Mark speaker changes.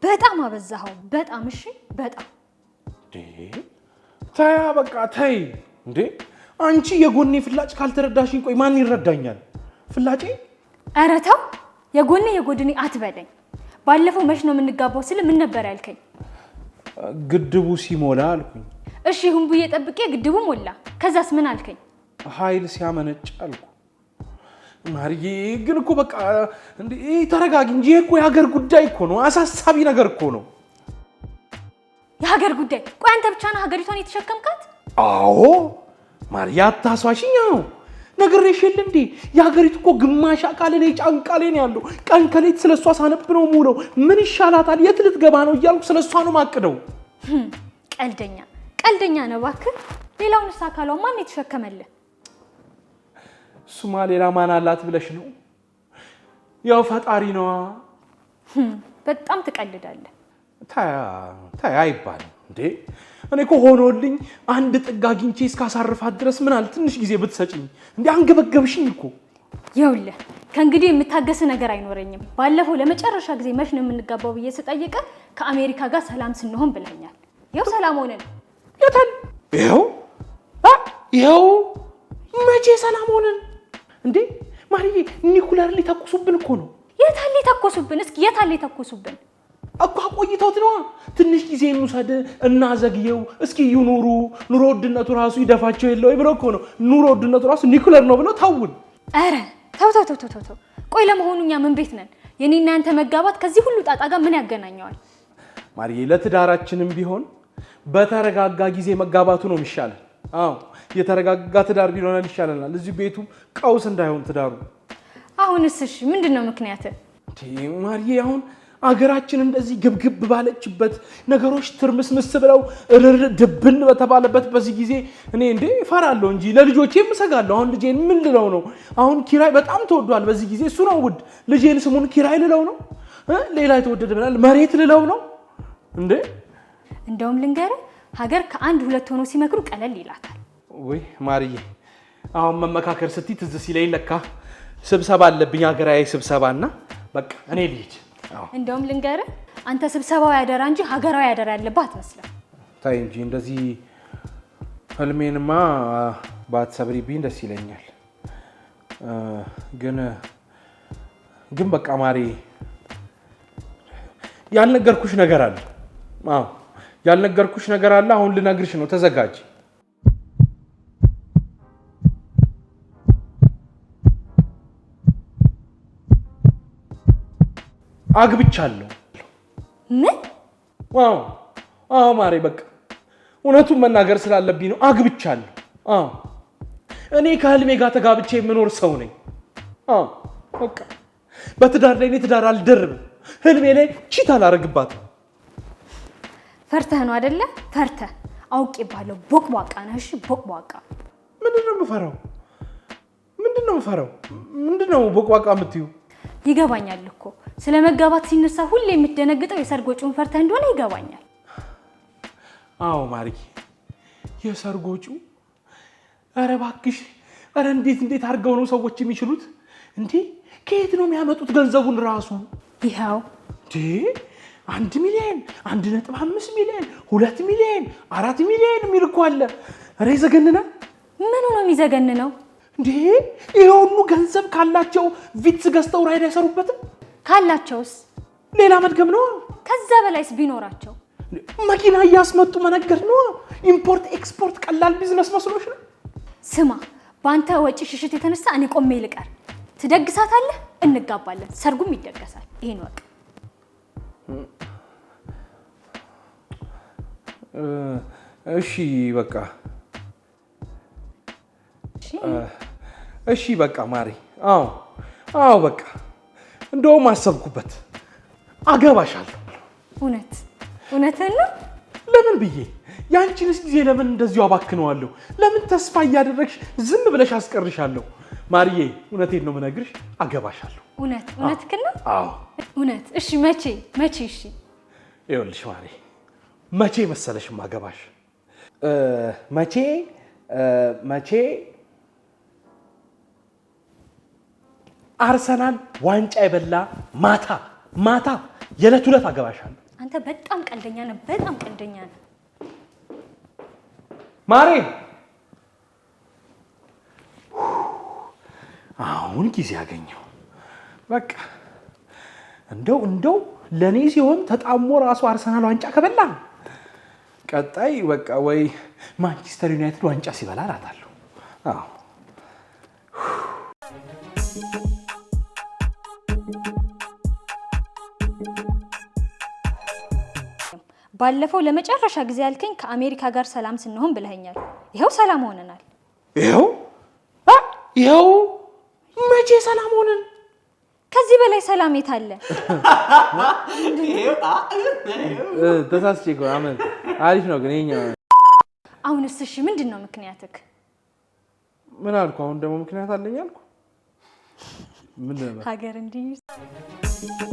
Speaker 1: በጣም አበዛኸው። በጣም እሺ፣ በጣም
Speaker 2: ተያ፣ በቃ ተይ እንዴ! አንቺ የጎኔ ፍላጭ ካልተረዳሽኝ፣ ቆይ ማን ይረዳኛል? ፍላጭ
Speaker 1: ኧረ ተው የጎኔ የጎድኔ አትበለኝ። ባለፈው መች ነው የምንጋባው ስል ምን ነበር ያልከኝ?
Speaker 2: ግድቡ ሲሞላ አልኩኝ።
Speaker 1: እሺ ይሁን ብዬ ጠብቄ ግድቡ ሞላ። ከዛስ ምን አልከኝ?
Speaker 2: ኃይል ሲያመነጭ አልኩ። ማርዬ ግን እኮ በቃ እንዴ ተረጋጊ እንጂ እኮ የሀገር ጉዳይ እኮ ነው። አሳሳቢ ነገር እኮ ነው
Speaker 1: የሀገር ጉዳይ። ቆይ አንተ ብቻ ሀገሪቷን የተሸከምካት?
Speaker 2: አዎ ማርዬ አታሷሽኛ ነው ነግሬሽ የለ እንዴ? የሀገሪቱ እኮ ግማሽ አካል ላይ ጫንቃ ላይ ነው ያለው። ቀን ከሌት ስለ እሷ ሳነብ ነው የምውለው። ምን ይሻላታል፣ የት ልትገባ ነው እያልኩ ስለ እሷ ነው ማቅደው።
Speaker 1: ቀልደኛ ቀልደኛ ነው እባክህ። ሌላውንስ አካሏ ማን የተሸከመልህ?
Speaker 2: እሱማ ሌላ ማን አላት ብለሽ ነው? ያው ፈጣሪ ነዋ።
Speaker 1: በጣም ትቀልዳለህ።
Speaker 2: ታያ ታያ አይባልም እንዴ እኔ እኮ ሆኖልኝ አንድ ጥግ አግኝቼ እስካሳርፋት ድረስ ምን አለ ትንሽ ጊዜ ብትሰጭኝ። እንደ አንገበገብሽኝ እኮ
Speaker 1: ይኸውልህ፣ ከእንግዲህ የምታገስ ነገር አይኖረኝም። ባለፈው ለመጨረሻ ጊዜ መች ነው የምንጋባው ብዬ ስጠይቀ ከአሜሪካ ጋር ሰላም ስንሆን ብለኛል። ይኸው ሰላም ሆነን
Speaker 2: የታል? ይኸው ይኸው። መቼ ሰላም ሆነን እንዴ? ማርዬ፣ ኒኩለር ሊተኩሱብን እኮ ነው።
Speaker 1: የታል ሊተኩሱብን? እስኪ የታል ሊተኩሱብን?
Speaker 2: እኳ ቆይተውት ነዋ። ትንሽ ጊዜ እንውሰድ እናዘግየው፣ እስኪ ይኑሩ፣ ኑሮ ውድነቱ ራሱ ይደፋቸው የለ ወይ ብለው እኮ ነው። ኑሮ ውድነቱ ራሱ ኒኩለር ነው ብለው ታውን።
Speaker 1: ኧረ ተው ተው ተው ተው ቆይ ለመሆኑ እኛ ምን ቤት ነን? የኔና ያንተ መጋባት ከዚህ ሁሉ ጣጣ ጋር ምን ያገናኘዋል?
Speaker 2: ማርዬ፣ ለትዳራችንም ቢሆን በተረጋጋ ጊዜ መጋባቱ ነው የሚሻለን። አዎ የተረጋጋ ትዳር ቢሆናል ይሻለናል። እዚህ ቤቱ ቀውስ እንዳይሆን ትዳሩ።
Speaker 1: አሁንስ እሺ፣ ምንድን ነው ምክንያት
Speaker 2: ማርዬ አሁን አገራችን እንደዚህ ግብግብ ባለችበት ነገሮች ትርምስምስ ብለው ርር ድብን በተባለበት በዚህ ጊዜ እኔ እንዴ እፈራለሁ እንጂ ለልጆቼ እሰጋለሁ። አሁን ልጄን ምን ልለው ነው? አሁን ኪራይ በጣም ተወዷል በዚህ ጊዜ እሱ ነው ውድ። ልጄን ስሙን ኪራይ ልለው ነው? ሌላ የተወደደ ብላል መሬት ልለው ነው እንዴ?
Speaker 1: እንደውም ልንገር ሀገር ከአንድ ሁለት ሆኖ ሲመክሩ ቀለል ይላታል።
Speaker 2: ወይ ማርዬ፣ አሁን መመካከር ስቲ ትዝ ሲለኝ ለካ ስብሰባ አለብኝ ሀገራዊ ስብሰባ እና በቃ እኔ ልሂድ
Speaker 1: እንደውም ልንገር፣ አንተ ስብሰባው ያደራ እንጂ ሀገራዊ ያደራ ያለብህ አትመስልም።
Speaker 2: ታይ እንጂ እንደዚህ ህልሜንማ ባትሰብሪብኝ ደስ ይለኛል። ግን ግን በቃ ማሬ ያልነገርኩሽ ነገር አለ። አዎ ያልነገርኩሽ ነገር አለ። አሁን ልነግርሽ ነው። ተዘጋጅ። አግብቻለሁ። ምን? ዋው! አዎ ማሬ፣ በቃ እውነቱን መናገር ስላለብኝ ነው። አግብቻለሁ። አዎ እኔ ከህልሜ ጋር ተጋብቼ የምኖር ሰው ነኝ። አዎ በቃ በትዳር ላይ እኔ ትዳር አልደርብም። ህልሜ ላይ ቺት አላረግባትም።
Speaker 1: ፈርተህ ነው አይደለ? ፈርተህ አውቄብሃለሁ። ቦቅቧቃ ነው። እሺ ቦቅቧቃ።
Speaker 2: ምንድን ነው የምፈራው? ምንድን ነው የምፈራው? ምንድን ነው ቦቅቧቃ የምትዩ?
Speaker 1: ይገባኛል እኮ ስለ መጋባት ሲነሳ ሁሌ የምትደነግጠው የሰርግ ወጪውን ፈርተህ እንደሆነ ይገባኛል።
Speaker 2: አዎ ማርዬ፣ የሰርግ ወጪው ኧረ እባክሽ፣ ኧረ እንዴት እንዴት አድርገው ነው ሰዎች የሚችሉት? እንዴ ከየት ነው የሚያመጡት ገንዘቡን ራሱ? ይኸው እንዴ አንድ ሚሊዮን፣ አንድ ነጥብ አምስት ሚሊዮን፣ ሁለት ሚሊዮን፣ አራት ሚሊዮን የሚል እኮ አለ። ኧረ ይዘገንናል።
Speaker 1: ምኑ ነው ነው
Speaker 2: እንዴ ይሄ ሁሉ ገንዘብ ካላቸው ቪትስ ገዝተው ራይድ አይሰሩበትም?
Speaker 1: ካላቸውስ
Speaker 2: ሌላ መድገም ነው።
Speaker 1: ከዛ በላይስ ቢኖራቸው
Speaker 2: መኪና እያስመጡ መነገድ ነው። ኢምፖርት ኤክስፖርት ቀላል ቢዝነስ መስሎች ነው?
Speaker 1: ስማ፣ በአንተ ወጪ ሽሽት የተነሳ እኔ ቆሜ ልቀር። ትደግሳታለህ፣ እንጋባለን፣ ሰርጉም ይደገሳል። ይሄን ወቅ
Speaker 2: እሺ፣ በቃ እሺ፣ በቃ ማሪ። አዎ፣ አዎ፣ በቃ እንደውም አሰብኩበት፣ አገባሻለሁ።
Speaker 1: እውነት እውነትን ነው።
Speaker 2: ለምን ብዬ ያንቺንስ ጊዜ ለምን እንደዚሁ አባክነዋለሁ? ለምን ተስፋ እያደረግሽ ዝም ብለሽ አስቀርሻለሁ? ማርዬ እውነቴን ነው የምነግርሽ፣ አገባሻለሁ።
Speaker 1: እውነት እውነትህን ነው? አዎ እውነት። እሺ መቼ መቼ? እሺ
Speaker 2: ይኸውልሽ ማሪ፣ መቼ መሰለሽ ማገባሽ? መቼ መቼ አርሰናል ዋንጫ የበላ ማታ ማታ የዕለት ሁለት አገባሻለሁ።
Speaker 1: አንተ በጣም ቀልደኛ ነህ፣ በጣም ቀልደኛ ነህ
Speaker 2: ማሬ። አሁን ጊዜ ያገኘው በቃ እንደው እንደው ለእኔ ሲሆን ተጣሞ ራሱ አርሰናል ዋንጫ ከበላ ቀጣይ በቃ ወይ ማንቸስተር ዩናይትድ ዋንጫ ሲበላ እላታለሁ።
Speaker 1: ባለፈው ለመጨረሻ ጊዜ ያልከኝ ከአሜሪካ ጋር ሰላም ስንሆን ብለኸኛል። ይኸው ሰላም ሆነናል።
Speaker 2: ይኸው ይኸው መቼ ሰላም ሆነን?
Speaker 1: ከዚህ በላይ ሰላም የት አለ?
Speaker 2: ተሳስቼ እኮ አመን። አሪፍ ነው ግን ይኸኛው።
Speaker 1: አሁን እሺ፣ ምንድን ነው ምክንያትክ?
Speaker 2: ምን አልኩ? አሁን ደግሞ ምክንያት አለኝ አልኩ። ምን
Speaker 1: ሀገር እንዲህ